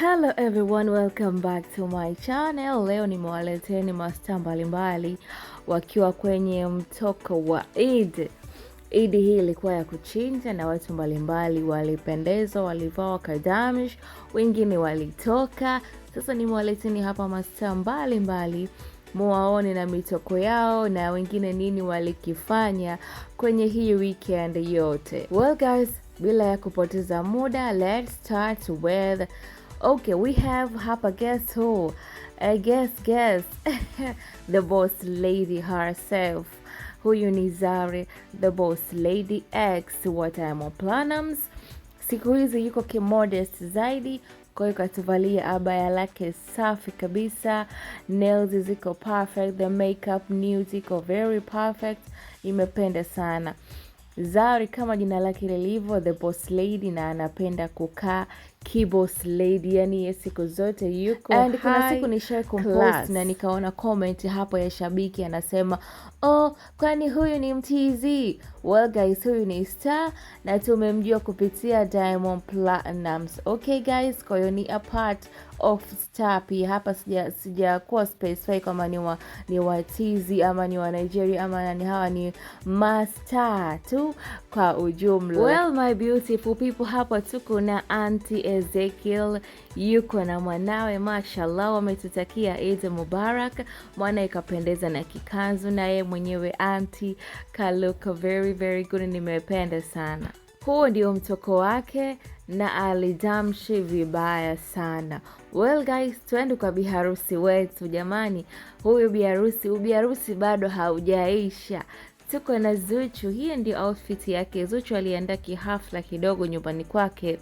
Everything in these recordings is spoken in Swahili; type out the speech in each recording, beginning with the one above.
Hello everyone, welcome back to my channel. Leo nimewaleteni mastaa mbalimbali wakiwa kwenye mtoko wa Eid. Eid hii ilikuwa ya kuchinja na watu mbalimbali walipendezwa, walivaa wakadamish, wengine walitoka. Sasa nimewaleteni hapa mastaa mbalimbali muwaone na mitoko yao na wengine nini walikifanya kwenye hii weekend yote. Well guys, bila ya kupoteza muda let's start with Okay, we have hapa guess who? Uh, guess guess the boss lady herself. Huyu ni Zari the boss lady X wa Diamond Platnumz. Siku hizi yuko kimodest zaidi, kwa katuvalia abaya lake safi kabisa, nels ziko perfect, the makeup new ziko very perfect, imependa sana Zari kama jina lake lilivyo the boss lady, na anapenda kukaa keyboss lady, yani ye siku zote yuko and kuna siku nisha compost na nikaona comment hapo ya shabiki anasema oh, kwani huyu ni mtz Well guys, huyu ni star na tumemjua kupitia Diamond Platnumz. Okay guys, kwa hiyo ni a part of star pia hapa, sijakuwa sija sijakuwa specify kama ni wa ni watizi ama ni wa Nigeria ama nani, hawa ni mastaa tu kwa ujumla. Well my beautiful people, hapa tuko na anti Ezekiel yuko na mwanawe, mashallah, wametutakia Eid Mubarak. Mwana ikapendeza na kikanzu, na yeye mwenyewe anti kaluka very very good, nimependa sana. Huo ndio mtoko wake na alidamshi vibaya sana. Well guys, twende kwa biharusi wetu jamani. Huyu biharusi, ubiharusi bado haujaisha tuko na Zuchu. Hii ndio outfit yake. Zuchu aliandaa kihafla kidogo nyumbani kwake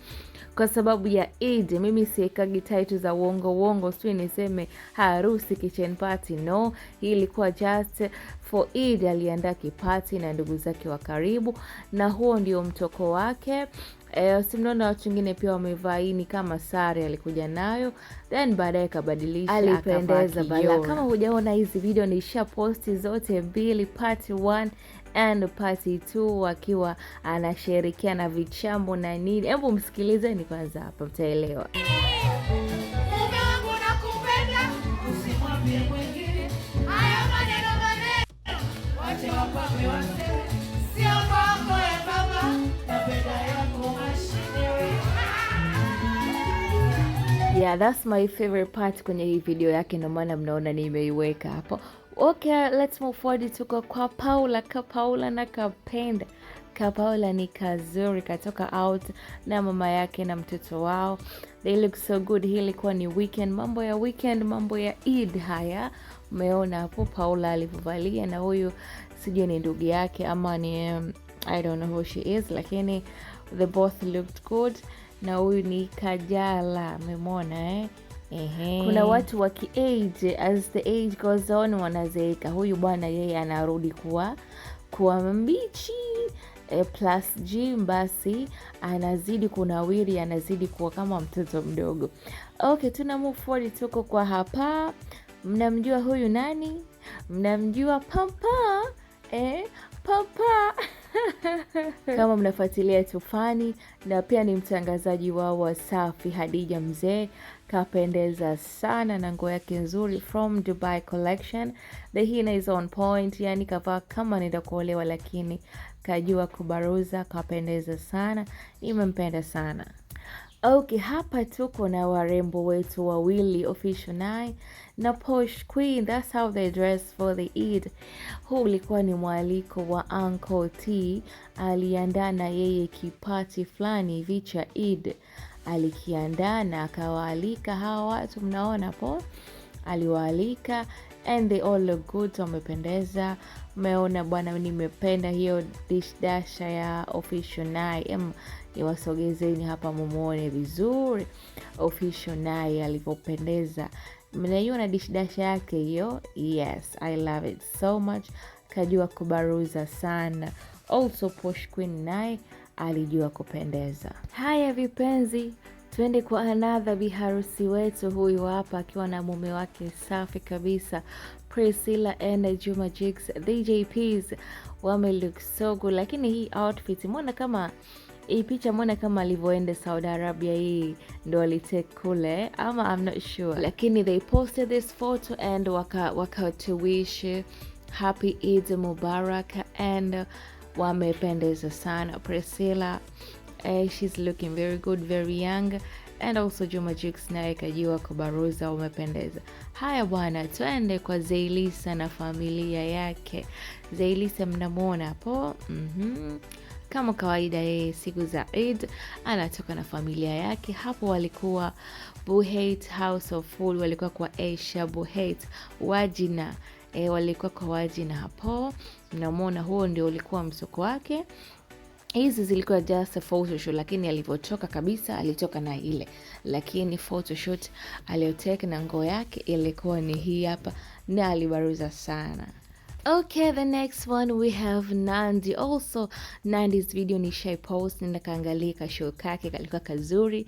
kwa sababu ya Eid. Mimi siwekagi title za uongo uongo, sijui niseme harusi, kitchen party, no. Hii ilikuwa just for Eid. Aliandaa kipati na ndugu zake wa karibu, na huo ndio mtoko wake. E, simnaona watu wengine pia wamevaa hii, ni kama sare alikuja nayo, then baadaye kabadilisha, alipendeza bala. Kama hujaona hizi video, niisha posti zote mbili, part 1 and part 2, akiwa na vichambo na nini. Hebu msikilizeni kwanza, hapa mtaelewa. Yeah, that's my favorite part kwenye hii video yake, ndio maana mnaona nimeiweka hapo. Okay, let's move forward, tuko kwa Paula. Ka Paula na kapenda ka Paula ni kazuri, katoka out na mama yake na mtoto wao, they look so good. Hii ilikuwa ni weekend, mambo ya weekend, mambo ya Eid haya umeona hapo Paula alivyovalia, na huyu sijui ni ndugu yake ama ni um, I don't know who she is, lakini they both looked good na huyu ni Kajala, umemwona eh? Ehe. Kuna watu wa kiage, as the age goes on, wanazeeka. Huyu bwana yeye anarudi kuwa kuwa mbichi e, plus G basi anazidi kunawiri, anazidi kuwa kama mtoto mdogo. Okay, tuna move forward, tuko kwa hapa. Mnamjua huyu nani? Mnamjua papa eh? Papa kama mnafuatilia Tufani, na pia ni mtangazaji wao Wasafi. Hadija Mzee kapendeza sana na nguo yake nzuri from Dubai Collection, the hina is on point, yani kavaa kama anaenda kuolewa, lakini kajua kubaruza, kapendeza sana, nimempenda sana. Okay, hapa tuko na warembo wetu wawili Official 9 na Posh Queen, that's how they dress for the Eid. Huu ulikuwa ni mwaliko wa Uncle T, aliandaa na yeye kipati fulani hivi cha Eid, alikiandaa na akawaalika hawa watu, mnaona po, aliwaalika and they all look good, wamependeza. Umeona bwana, nimependa hiyo dish dasha ya Official 9 niwasogezeni hapa mumuone vizuri official, naye alivyopendeza. Mnaiona dishidasha yake hiyo? Yes, I love it so much. Kajua kubaruza sana. Also Posh Queen naye alijua kupendeza. Haya vipenzi, tuende kwa anadha biharusi wetu. Huyu hapa akiwa na mume wake safi kabisa Priscilla and Juma Jigs, DJPs wame look so good, lakini hii outfit mwona kama hii picha mwona kama alivyoenda Saudi Arabia, hii ndo alitake kule ama I'm not sure, lakini they posted this photo and wakatuwish waka happy Eid Mubarak and wamependeza sana Priscilla. Uh, she's looking very good, very young and also Juma Jux naye kajiwa kubaruza, umependeza. Haya bwana, twende kwa Zaylisa na familia yake. Zaylisa mnamwona hapo, mm -hmm. Kama kawaida, yeye siku za Eid anatoka na familia yake. Hapo walikuwa Buheit House of Food, walikuwa kwa Aisha Buheit Wajina e, walikuwa kwa Wajina. Hapo mnamwona, huo ndio ulikuwa msoko wake. Hizi zilikuwa just a photoshoot, lakini alivyotoka kabisa, alitoka na ile, lakini photoshoot aliyoteka na nguo yake ilikuwa ni hii hapa, na alibaruza sana. Okay, the next one we have Nandi. Also, Nandi's video nishai post, nenda kaangalia kashow kake kalikuwa kazuri.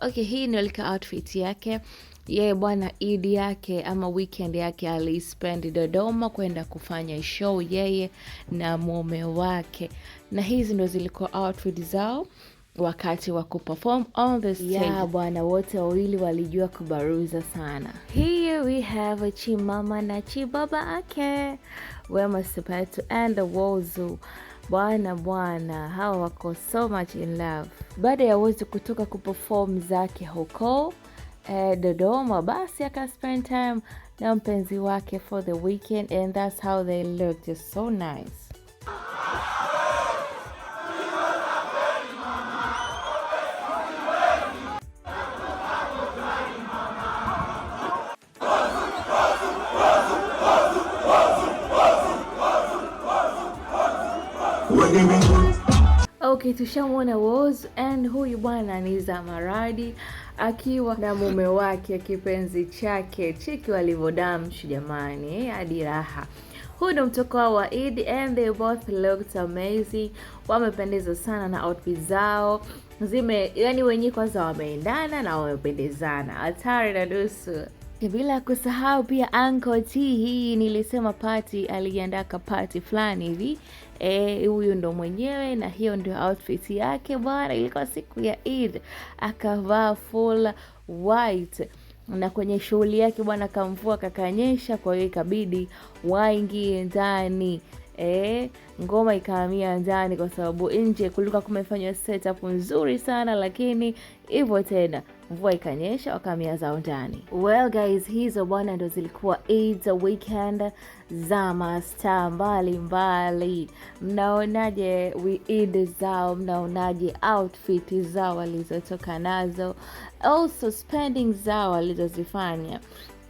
Okay, hii ni lika outfit yake yeye yeah, bwana Eid yake ama weekend yake alispend Dodoma kwenda kufanya show yeye na mume wake, na hizi ndo zilikuwa outfit zao wakati wa kuperform on the stage. Yeah, bwana wote wawili walijua kubaruza sana. Here we have Chimama na Chibaba ake okay. Wema Sepetu and the Whozu. Bwana bwana, hawa wako so much in love. Baada ya Whozu kutoka kuperform zake huko eh, Dodoma, basi aka spend time na mpenzi wake for the weekend and that's how they looked just so nice. Okay, tushamwona Woz and huyu bwana ni Zamaradi akiwa na mume wake kipenzi chake. Cheki walivyodamshi jamani, hadi raha. Huu ndo mtoko wao wa Eid and they both looked amazing. Wamependeza sana na outfit zao zime, yani wenyewe kwanza wameendana na wamependezana hatari na dusu. E, bila kusahau pia Uncle T, hii nilisema party, alijiandaa ka party fulani hivi e, huyu ndo mwenyewe na hiyo ndio outfit yake bwana. Ilikuwa siku ya Eid, akavaa full white na kwenye shughuli yake bwana, kamvua kakanyesha, kwa hiyo ikabidi waingie ndani. E, ngoma ikahamia ndani kwa sababu nje kulikuwa kumefanywa setup nzuri sana, lakini hivyo tena mvua ikanyesha, wakamia zao ndani. Well guys, hizo bwana ndo zilikuwa AIDS weekend za mastaa mbalimbali. Mnaonaje Idd zao? Mnaonaje outfit zao walizotoka nazo, also spending zao walizozifanya?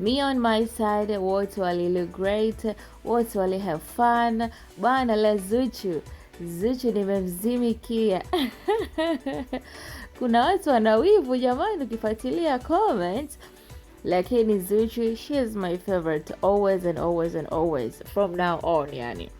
Me on my side, wote wali great, wote wali have fun bwana. Lazuchu Zuchu nimemzimikia. Kuna watu wanawivu jamani, ukifuatilia comment lakini Zuchu she is my favorite always and always and always from now on yani.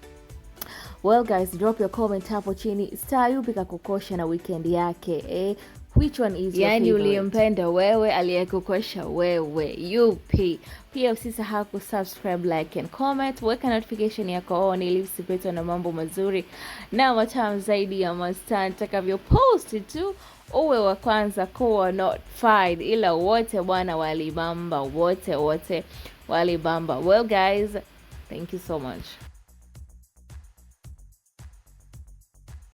Well guys, drop your comment hapo chini. Star yupi kakukosha na weekend yake eh? Which one is yani, uliyempenda wewe, aliyekukosha wewe yupi? Pia usisahau kusubscribe, like and comment, weka notification yako on ili usipitwe na mambo mazuri na matamu zaidi ya mastaa nitakavyoposti tu uwe wa kwanza kuwa notified, ila wote bwana walibamba, wote wote walibamba. Well guys, thank you so much.